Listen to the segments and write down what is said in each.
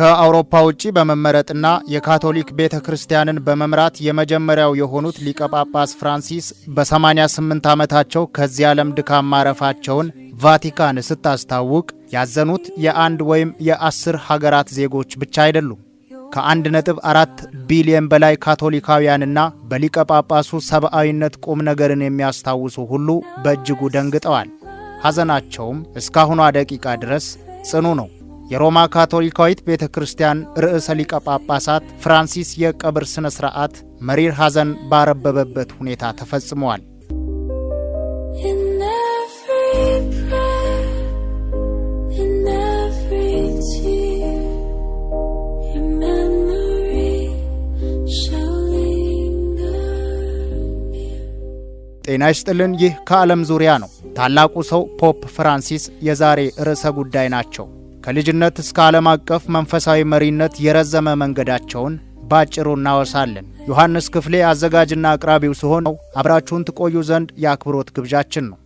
ከአውሮፓ ውጪ በመመረጥና የካቶሊክ ቤተ ክርስቲያንን በመምራት የመጀመሪያው የሆኑት ሊቀ ጳጳስ ፍራንሲስ በ88 ዓመታቸው ከዚህ ዓለም ድካም ማረፋቸውን ቫቲካን ስታስታውቅ ያዘኑት የአንድ ወይም የአስር ሀገራት ዜጎች ብቻ አይደሉም። ከ1.4 ቢሊየን በላይ ካቶሊካውያንና በሊቀ ጳጳሱ ሰብአዊነት ቁም ነገርን የሚያስታውሱ ሁሉ በእጅጉ ደንግጠዋል። ሐዘናቸውም እስካሁኗ ደቂቃ ድረስ ጽኑ ነው። የሮማ ካቶሊካዊት ቤተ ክርስቲያን ርዕሰ ሊቀ ጳጳሳት ፍራንሲስ የቀብር ሥነ ሥርዓት መሪር ሐዘን ባረበበበት ሁኔታ ተፈጽመዋል። ጤና ይስጥልን። ይህ ከዓለም ዙሪያ ነው። ታላቁ ሰው ፖፕ ፍራንሲስ የዛሬ ርዕሰ ጉዳይ ናቸው። ከልጅነት እስከ ዓለም አቀፍ መንፈሳዊ መሪነት የረዘመ መንገዳቸውን ባጭሩ እናወሳለን። ዮሐንስ ክፍሌ አዘጋጅና አቅራቢው ሲሆን አብራችሁን ትቆዩ ዘንድ የአክብሮት ግብዣችን ነው።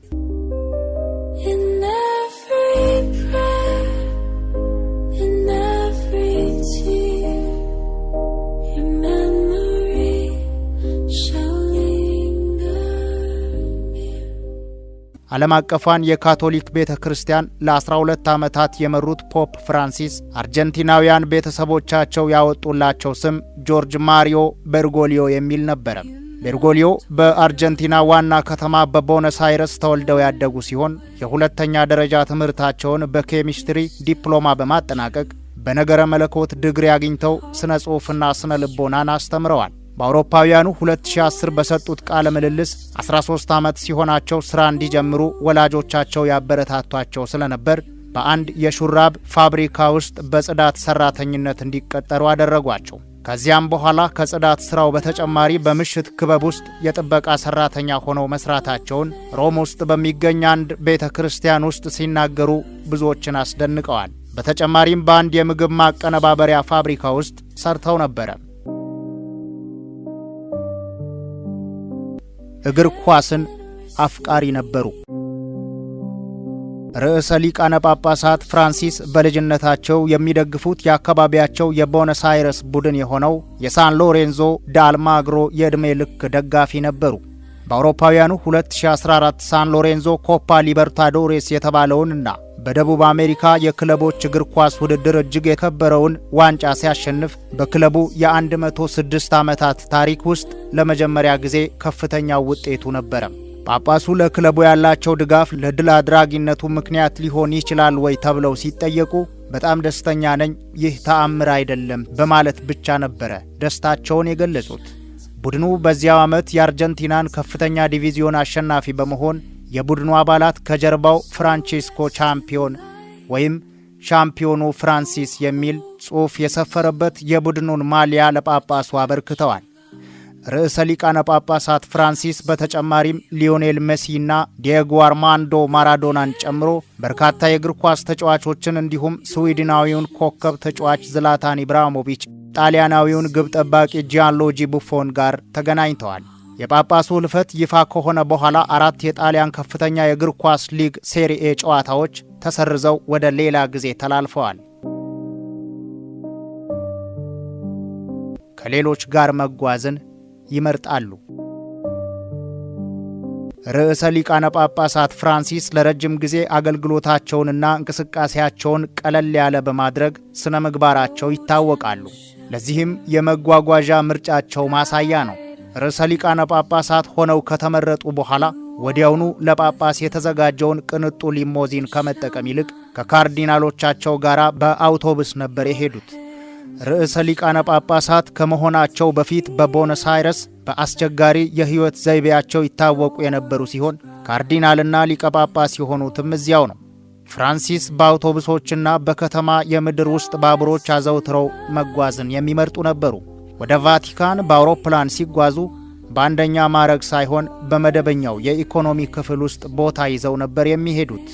ዓለም አቀፏን የካቶሊክ ቤተ ክርስቲያን ለ12 ዓመታት የመሩት ፖፕ ፍራንሲስ አርጀንቲናውያን ቤተሰቦቻቸው ያወጡላቸው ስም ጆርጅ ማሪዮ ቤርጎሊዮ የሚል ነበረ። ቤርጎሊዮ በአርጀንቲና ዋና ከተማ በቦነስ አይረስ ተወልደው ያደጉ ሲሆን የሁለተኛ ደረጃ ትምህርታቸውን በኬሚስትሪ ዲፕሎማ በማጠናቀቅ በነገረ መለኮት ድግሪ አግኝተው ስነ ጽሑፍና ስነ ልቦናን አስተምረዋል። በአውሮፓውያኑ 2010 በሰጡት ቃለ ምልልስ 13 ዓመት ሲሆናቸው ሥራ እንዲጀምሩ ወላጆቻቸው ያበረታቷቸው ስለነበር በአንድ የሹራብ ፋብሪካ ውስጥ በጽዳት ሰራተኝነት እንዲቀጠሩ አደረጓቸው። ከዚያም በኋላ ከጽዳት ሥራው በተጨማሪ በምሽት ክበብ ውስጥ የጥበቃ ሰራተኛ ሆነው መስራታቸውን ሮም ውስጥ በሚገኝ አንድ ቤተ ክርስቲያን ውስጥ ሲናገሩ ብዙዎችን አስደንቀዋል። በተጨማሪም በአንድ የምግብ ማቀነባበሪያ ፋብሪካ ውስጥ ሰርተው ነበረም። እግር ኳስን አፍቃሪ ነበሩ። ርዕሰ ሊቃነ ጳጳሳት ፍራንሲስ በልጅነታቸው የሚደግፉት የአካባቢያቸው የቦነስ አይረስ ቡድን የሆነው የሳን ሎሬንዞ ዳልማግሮ የዕድሜ ልክ ደጋፊ ነበሩ። በአውሮፓውያኑ 2014 ሳን ሎሬንዞ ኮፓ ሊበርታዶሬስ የተባለውንና በደቡብ አሜሪካ የክለቦች እግር ኳስ ውድድር እጅግ የከበረውን ዋንጫ ሲያሸንፍ በክለቡ የ106 ዓመታት ታሪክ ውስጥ ለመጀመሪያ ጊዜ ከፍተኛው ውጤቱ ነበረ። ጳጳሱ ለክለቡ ያላቸው ድጋፍ ለድል አድራጊነቱ ምክንያት ሊሆን ይችላል ወይ ተብለው ሲጠየቁ በጣም ደስተኛ ነኝ፣ ይህ ተአምር አይደለም በማለት ብቻ ነበረ ደስታቸውን የገለጹት። ቡድኑ በዚያው ዓመት የአርጀንቲናን ከፍተኛ ዲቪዚዮን አሸናፊ በመሆን የቡድኑ አባላት ከጀርባው ፍራንቼስኮ ቻምፒዮን ወይም ሻምፒዮኑ ፍራንሲስ የሚል ጽሑፍ የሰፈረበት የቡድኑን ማሊያ ለጳጳሱ አበርክተዋል። ርዕሰ ሊቃነ ጳጳሳት ፍራንሲስ በተጨማሪም ሊዮኔል ሜሲና ዲየጎ አርማንዶ ማራዶናን ጨምሮ በርካታ የእግር ኳስ ተጫዋቾችን እንዲሁም ስዊድናዊውን ኮከብ ተጫዋች ዝላታን ኢብራሂሞቪች ጣሊያናዊውን ግብ ጠባቂ ጂያንሎጂ ቡፎን ጋር ተገናኝተዋል። የጳጳሱ ሕልፈት ይፋ ከሆነ በኋላ አራት የጣሊያን ከፍተኛ የእግር ኳስ ሊግ ሴሪኤ ጨዋታዎች ተሰርዘው ወደ ሌላ ጊዜ ተላልፈዋል። ከሌሎች ጋር መጓዝን ይመርጣሉ። ርዕሰ ሊቃነ ጳጳሳት ፍራንሲስ ለረጅም ጊዜ አገልግሎታቸውንና እንቅስቃሴያቸውን ቀለል ያለ በማድረግ ስነ ምግባራቸው ይታወቃሉ። ለዚህም የመጓጓዣ ምርጫቸው ማሳያ ነው። ርዕሰ ሊቃነ ጳጳሳት ሆነው ከተመረጡ በኋላ ወዲያውኑ ለጳጳስ የተዘጋጀውን ቅንጡ ሊሞዚን ከመጠቀም ይልቅ ከካርዲናሎቻቸው ጋር በአውቶቡስ ነበር የሄዱት። ርዕሰ ሊቃነ ጳጳሳት ከመሆናቸው በፊት በቦነስ አይረስ በአስቸጋሪ የሕይወት ዘይቤያቸው ይታወቁ የነበሩ ሲሆን ካርዲናልና ሊቀ ጳጳስ የሆኑትም እዚያው ነው። ፍራንሲስ በአውቶቡሶችና በከተማ የምድር ውስጥ ባቡሮች አዘውትረው መጓዝን የሚመርጡ ነበሩ። ወደ ቫቲካን በአውሮፕላን ሲጓዙ በአንደኛ ማዕረግ ሳይሆን በመደበኛው የኢኮኖሚ ክፍል ውስጥ ቦታ ይዘው ነበር የሚሄዱት።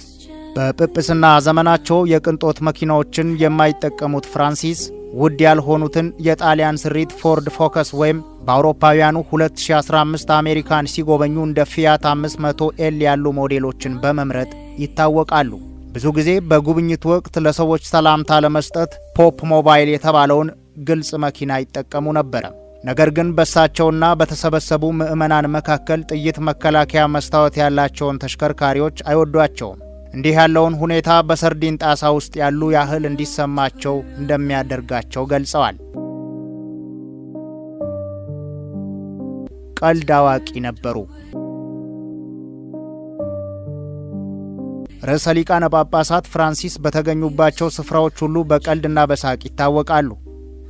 በጵጵስና ዘመናቸው የቅንጦት መኪናዎችን የማይጠቀሙት ፍራንሲስ ውድ ያልሆኑትን የጣሊያን ስሪት ፎርድ ፎከስ ወይም በአውሮፓውያኑ 2015 አሜሪካን ሲጎበኙ እንደ ፊያት 500 ኤል ያሉ ሞዴሎችን በመምረጥ ይታወቃሉ። ብዙ ጊዜ በጉብኝት ወቅት ለሰዎች ሰላምታ ለመስጠት ፖፕ ሞባይል የተባለውን ግልጽ መኪና ይጠቀሙ ነበረ። ነገር ግን በእሳቸውና በተሰበሰቡ ምዕመናን መካከል ጥይት መከላከያ መስታወት ያላቸውን ተሽከርካሪዎች አይወዷቸውም። እንዲህ ያለውን ሁኔታ በሰርዲን ጣሳ ውስጥ ያሉ ያህል እንዲሰማቸው እንደሚያደርጋቸው ገልጸዋል። ቀልድ አዋቂ ነበሩ። ርዕሰ ሊቃነ ጳጳሳት ፍራንሲስ በተገኙባቸው ስፍራዎች ሁሉ በቀልድና በሳቅ ይታወቃሉ።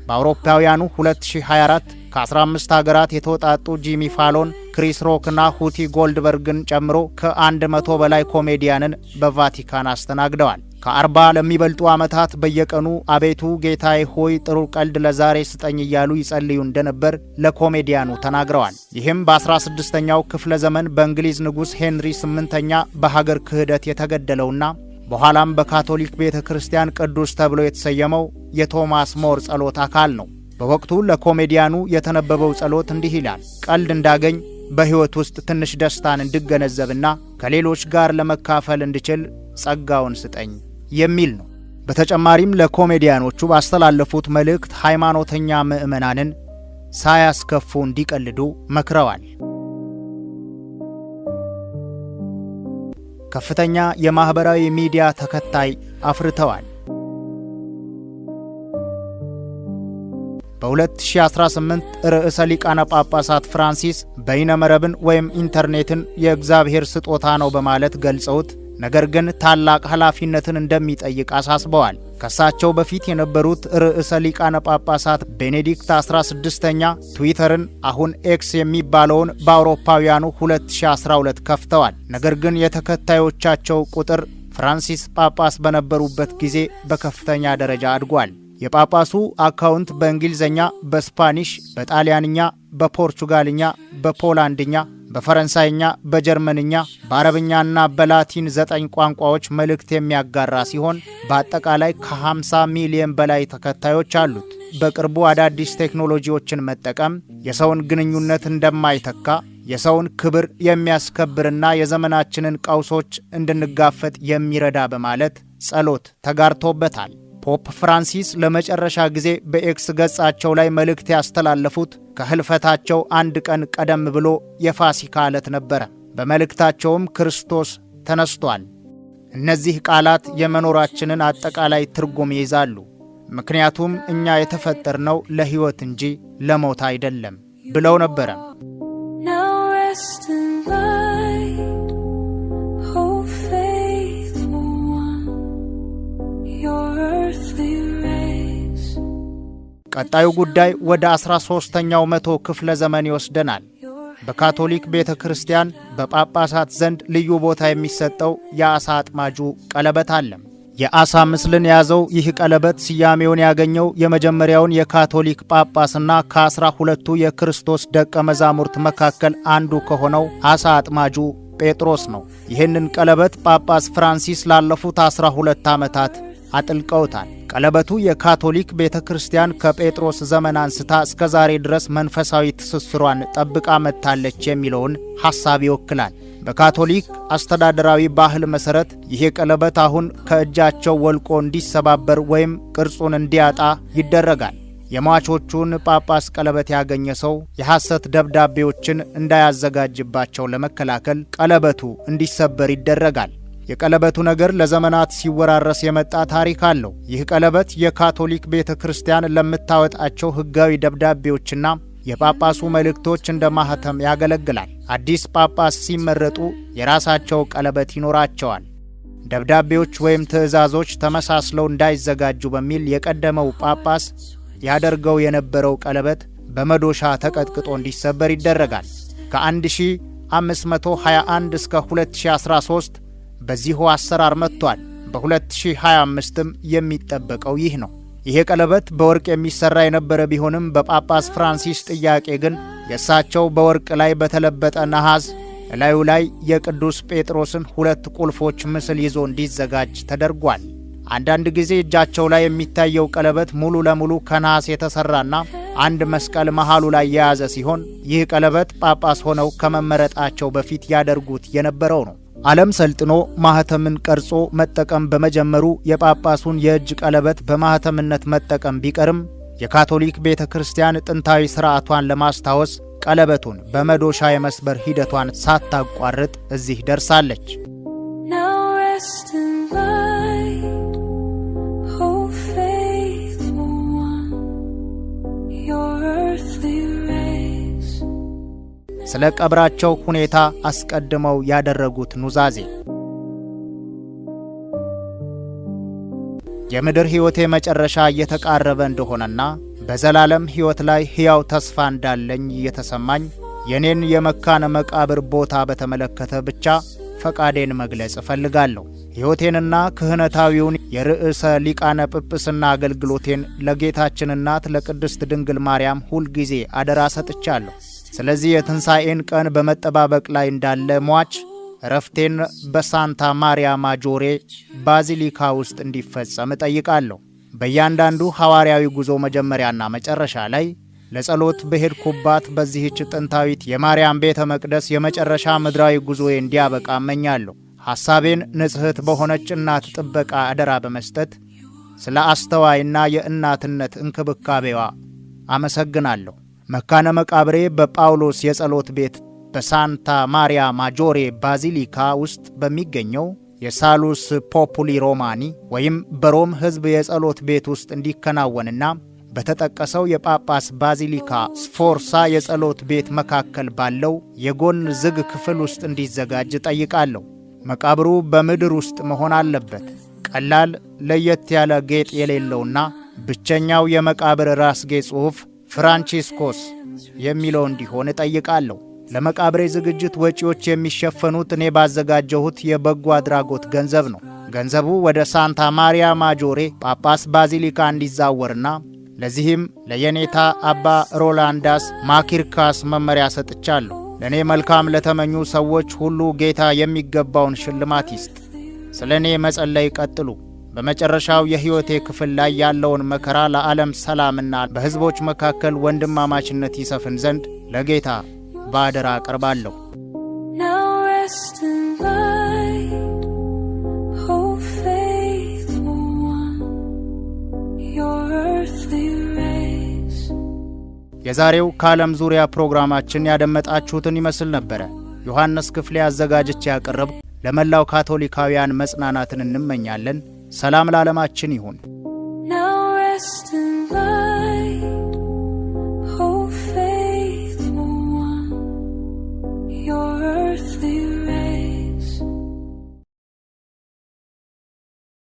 በአውሮፓውያኑ 2024 ከ15 ሀገራት የተውጣጡ ጂሚ ፋሎን፣ ክሪስ ሮክና ሁቲ ጎልድበርግን ጨምሮ ከ100 በላይ ኮሜዲያንን በቫቲካን አስተናግደዋል። ከአርባ ለሚበልጡ ዓመታት በየቀኑ አቤቱ ጌታዬ ሆይ ጥሩ ቀልድ ለዛሬ ስጠኝ እያሉ ይጸልዩ እንደነበር ለኮሜዲያኑ ተናግረዋል። ይህም በ16ኛው ክፍለ ዘመን በእንግሊዝ ንጉሥ ሄንሪ ስምንተኛ በሀገር ክህደት የተገደለውና በኋላም በካቶሊክ ቤተ ክርስቲያን ቅዱስ ተብሎ የተሰየመው የቶማስ ሞር ጸሎት አካል ነው። በወቅቱ ለኮሜዲያኑ የተነበበው ጸሎት እንዲህ ይላል። ቀልድ እንዳገኝ በሕይወት ውስጥ ትንሽ ደስታን እንድገነዘብና ከሌሎች ጋር ለመካፈል እንድችል ጸጋውን ስጠኝ። የሚል ነው። በተጨማሪም ለኮሜዲያኖቹ ባስተላለፉት መልእክት ሃይማኖተኛ ምዕመናንን ሳያስከፉ እንዲቀልዱ መክረዋል። ከፍተኛ የማኅበራዊ ሚዲያ ተከታይ አፍርተዋል። በ2018 ርዕሰ ሊቃነ ጳጳሳት ፍራንሲስ በይነመረብን ወይም ኢንተርኔትን የእግዚአብሔር ስጦታ ነው በማለት ገልጸውት ነገር ግን ታላቅ ኃላፊነትን እንደሚጠይቅ አሳስበዋል። ከሳቸው በፊት የነበሩት ርዕሰ ሊቃነ ጳጳሳት ቤኔዲክት 16ኛ ትዊተርን አሁን ኤክስ የሚባለውን በአውሮፓውያኑ 2012 ከፍተዋል። ነገር ግን የተከታዮቻቸው ቁጥር ፍራንሲስ ጳጳስ በነበሩበት ጊዜ በከፍተኛ ደረጃ አድጓል። የጳጳሱ አካውንት በእንግሊዝኛ፣ በስፓኒሽ፣ በጣሊያንኛ፣ በፖርቹጋልኛ፣ በፖላንድኛ በፈረንሳይኛ፣ በጀርመንኛ፣ በአረብኛና በላቲን ዘጠኝ ቋንቋዎች መልእክት የሚያጋራ ሲሆን በአጠቃላይ ከ50 ሚሊዮን በላይ ተከታዮች አሉት። በቅርቡ አዳዲስ ቴክኖሎጂዎችን መጠቀም የሰውን ግንኙነት እንደማይተካ የሰውን ክብር የሚያስከብርና የዘመናችንን ቀውሶች እንድንጋፈጥ የሚረዳ በማለት ጸሎት ተጋርቶበታል። ፖፕ ፍራንሲስ ለመጨረሻ ጊዜ በኤክስ ገጻቸው ላይ መልእክት ያስተላለፉት ከህልፈታቸው አንድ ቀን ቀደም ብሎ የፋሲካ ዕለት ነበረ። በመልእክታቸውም ክርስቶስ ተነስቷል። እነዚህ ቃላት የመኖራችንን አጠቃላይ ትርጉም ይይዛሉ። ምክንያቱም እኛ የተፈጠርነው ለሕይወት እንጂ ለሞት አይደለም ብለው ነበረ። ቀጣዩ ጉዳይ ወደ 13ኛው መቶ ክፍለ ዘመን ይወስደናል። በካቶሊክ ቤተ ክርስቲያን በጳጳሳት ዘንድ ልዩ ቦታ የሚሰጠው የአሳ አጥማጁ ቀለበት አለም። የአሳ ምስልን የያዘው ይህ ቀለበት ስያሜውን ያገኘው የመጀመሪያውን የካቶሊክ ጳጳስና ከአስራ ሁለቱ የክርስቶስ ደቀ መዛሙርት መካከል አንዱ ከሆነው አሳ አጥማጁ ጴጥሮስ ነው። ይህንን ቀለበት ጳጳስ ፍራንሲስ ላለፉት አስራ ሁለት ዓመታት አጥልቀውታል። ቀለበቱ የካቶሊክ ቤተ ክርስቲያን ከጴጥሮስ ዘመን አንስታ እስከ ዛሬ ድረስ መንፈሳዊ ትስስሯን ጠብቃ መጥታለች የሚለውን ሐሳብ ይወክላል። በካቶሊክ አስተዳደራዊ ባህል መሠረት ይሄ ቀለበት አሁን ከእጃቸው ወልቆ እንዲሰባበር ወይም ቅርጹን እንዲያጣ ይደረጋል። የሟቾቹን ጳጳስ ቀለበት ያገኘ ሰው የሐሰት ደብዳቤዎችን እንዳያዘጋጅባቸው ለመከላከል ቀለበቱ እንዲሰበር ይደረጋል። የቀለበቱ ነገር ለዘመናት ሲወራረስ የመጣ ታሪክ አለው። ይህ ቀለበት የካቶሊክ ቤተ ክርስቲያን ለምታወጣቸው ሕጋዊ ደብዳቤዎችና የጳጳሱ መልእክቶች እንደ ማህተም ያገለግላል። አዲስ ጳጳስ ሲመረጡ የራሳቸው ቀለበት ይኖራቸዋል። ደብዳቤዎች ወይም ትዕዛዞች ተመሳስለው እንዳይዘጋጁ በሚል የቀደመው ጳጳስ ያደርገው የነበረው ቀለበት በመዶሻ ተቀጥቅጦ እንዲሰበር ይደረጋል። ከ1521 እስከ 2013 በዚሁ አሰራር መጥቷል። በ2025ም የሚጠበቀው ይህ ነው። ይሄ ቀለበት በወርቅ የሚሰራ የነበረ ቢሆንም በጳጳስ ፍራንሲስ ጥያቄ ግን የእሳቸው በወርቅ ላይ በተለበጠ ነሐስ እላዩ ላይ የቅዱስ ጴጥሮስን ሁለት ቁልፎች ምስል ይዞ እንዲዘጋጅ ተደርጓል። አንዳንድ ጊዜ እጃቸው ላይ የሚታየው ቀለበት ሙሉ ለሙሉ ከነሐስ የተሰራና አንድ መስቀል መሃሉ ላይ የያዘ ሲሆን ይህ ቀለበት ጳጳስ ሆነው ከመመረጣቸው በፊት ያደርጉት የነበረው ነው። ዓለም ሰልጥኖ ማህተምን ቀርጾ መጠቀም በመጀመሩ የጳጳሱን የእጅ ቀለበት በማህተምነት መጠቀም ቢቀርም የካቶሊክ ቤተ ክርስቲያን ጥንታዊ ሥርዓቷን ለማስታወስ ቀለበቱን በመዶሻ የመስበር ሂደቷን ሳታቋርጥ እዚህ ደርሳለች። ስለ ቀብራቸው ሁኔታ አስቀድመው ያደረጉት ኑዛዜ የምድር ሕይወቴ መጨረሻ እየተቃረበ እንደሆነና በዘላለም ሕይወት ላይ ሕያው ተስፋ እንዳለኝ እየተሰማኝ የኔን የመካነ መቃብር ቦታ በተመለከተ ብቻ ፈቃዴን መግለጽ እፈልጋለሁ። ሕይወቴንና ክህነታዊውን የርዕሰ ሊቃነ ጵጵስና አገልግሎቴን ለጌታችን እናት ለቅድስት ድንግል ማርያም ሁልጊዜ አደራ ሰጥቻለሁ። ስለዚህ የትንሣኤን ቀን በመጠባበቅ ላይ እንዳለ ሟች እረፍቴን በሳንታ ማሪያ ማጆሬ ባዚሊካ ውስጥ እንዲፈጸም እጠይቃለሁ። በእያንዳንዱ ሐዋርያዊ ጉዞ መጀመሪያና መጨረሻ ላይ ለጸሎት በሄድኩባት በዚህች ጥንታዊት የማርያም ቤተ መቅደስ የመጨረሻ ምድራዊ ጉዞዬ እንዲያበቃ እመኛለሁ። ሐሳቤን ንጽሕት በሆነች እናት ጥበቃ አደራ በመስጠት ስለ አስተዋይና የእናትነት እንክብካቤዋ አመሰግናለሁ። መካነ መቃብሬ በጳውሎስ የጸሎት ቤት በሳንታ ማሪያ ማጆሬ ባዚሊካ ውስጥ በሚገኘው የሳሉስ ፖፑሊ ሮማኒ ወይም በሮም ሕዝብ የጸሎት ቤት ውስጥ እንዲከናወንና በተጠቀሰው የጳጳስ ባዚሊካ ስፎርሳ የጸሎት ቤት መካከል ባለው የጎን ዝግ ክፍል ውስጥ እንዲዘጋጅ ጠይቃለሁ። መቃብሩ በምድር ውስጥ መሆን አለበት። ቀላል ለየት ያለ ጌጥ የሌለውና ብቸኛው የመቃብር ራስጌ ጽሑፍ ፍራንቺስኮስ የሚለው እንዲሆን እጠይቃለሁ። ለመቃብሬ ዝግጅት ወጪዎች የሚሸፈኑት እኔ ባዘጋጀሁት የበጎ አድራጎት ገንዘብ ነው። ገንዘቡ ወደ ሳንታ ማሪያ ማጆሬ ጳጳስ ባዚሊካ እንዲዛወርና ለዚህም ለየኔታ አባ ሮላንዳስ ማኪርካስ መመሪያ ሰጥቻለሁ። ለእኔ መልካም ለተመኙ ሰዎች ሁሉ ጌታ የሚገባውን ሽልማት ይስጥ። ስለ እኔ መጸለይ ቀጥሉ። በመጨረሻው የሕይወቴ ክፍል ላይ ያለውን መከራ ለዓለም ሰላምና በሕዝቦች መካከል ወንድማማችነት ይሰፍን ዘንድ ለጌታ በአደራ አቀርባለሁ። የዛሬው ከዓለም ዙሪያ ፕሮግራማችን ያደመጣችሁትን ይመስል ነበረ። ዮሐንስ ክፍሌ አዘጋጅቼ ያቀረብኩ። ለመላው ካቶሊካውያን መጽናናትን እንመኛለን። ሰላም ለዓለማችን ይሁን።